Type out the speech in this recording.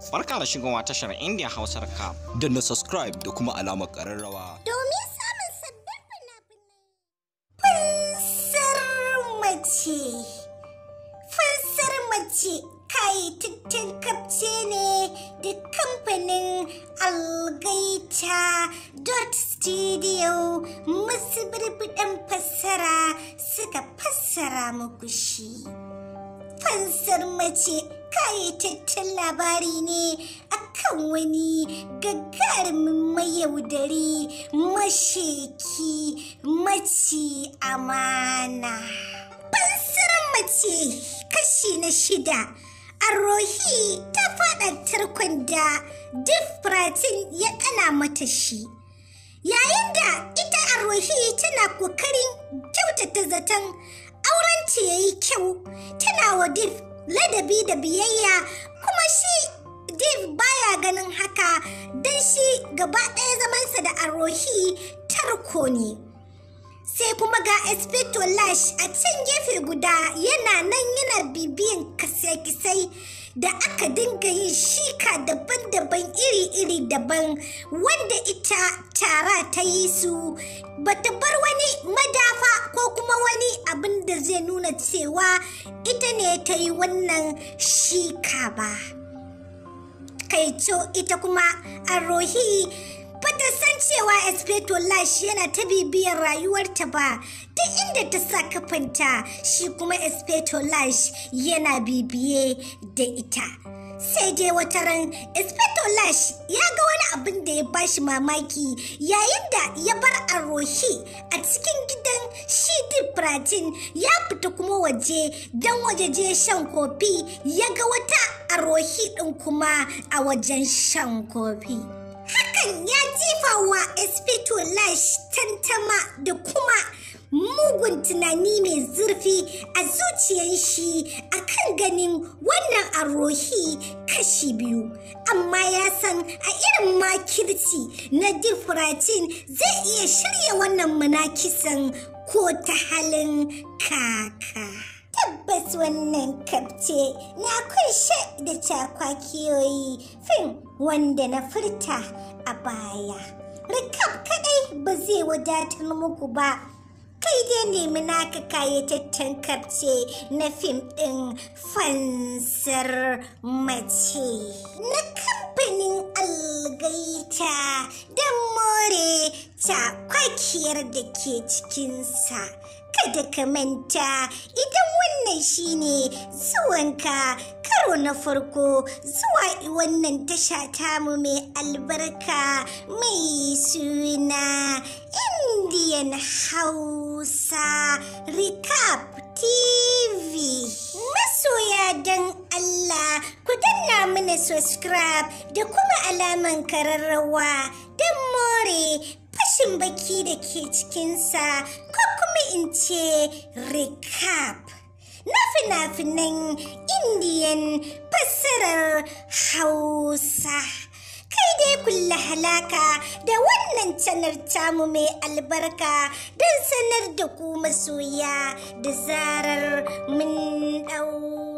Farka da wa tashar Indian Hausar ka. Da na subscribe da kuma alamar ƙararrawa. Domin samun sabbin fina-finai. Fansar mace. Fansar mace kai tuttun kapce ne da kamfanin Algaita dot studio masu birbiɗan fassara suka fassara muku shi. Fansar mace kayataccen labari ne akan wani gagarumin mayaudari masheki maci amana. Bansirin mace kashi na shida. rohi ta faɗa tarkon da Difratin ya ɗana mata shi. Yayin da ita rohi tana kokarin kyautata zaton auren ta yayi kyau tana wa Dif ladabi da biyayya kuma shi Dave baya ganin haka don shi gaba ɗaya zamansa da arohi tarko ne. Sai kuma ga Espeto Lash a can gefe guda yana nan yana bibiyan kasai kisai da aka dinga yin shika daban-daban iri-iri daban wanda ita tara ta yi su bata bar wani madafa ko nuna cewa ita ne ta yi wannan shika ba co ita kuma arohi ba ta san cewa espeto lash yana ta bibiyar rayuwarta ba ta inda ta sa kafanta shi kuma espeto lash yana bibiye da ita sai dai wata ran espeto lash ya ga wani abin da ya bashi mamaki yayin da ya bar arohi a cikin karatun ya fita kuma waje don wajeje shan kofi ya ga wata arohi rohi ɗin kuma a wajen shan kofi. Hakan ya jifa wa SP Lash tantama da kuma mugun tunani mai zurfi a zuciyar shi a kan ganin wannan arohi kashi biyu amma ya san a irin makirci na difratin zai iya shirya wannan munakisan ko ta halin kaka. Tabbas wannan kabce na kunshe da cakwakiyoyi fin wanda na furta a baya. Rikab kadai ba zai wadatar muku ba. Kai dai nemi naka kayataccen kabce na fim ɗin fansar mace. Na kamfanin algaita don more ta zakiyar da ke cikinsa. Kada ka manta idan wannan shine zuwanka karo na farko zuwa wannan tasha tamu mai albarka mai suna Indian Hausa Recap TV. Masoya don Allah ku danna mana subscribe da kuma alaman kararrawa don more rashin baki da ke cikinsa ko kuma in ce recap na fina-finan indiyan fassarar hausa kai dai kulla halaka da wannan canar tamu mai albarka don sanar da ku masoya da zarar mun ɗau.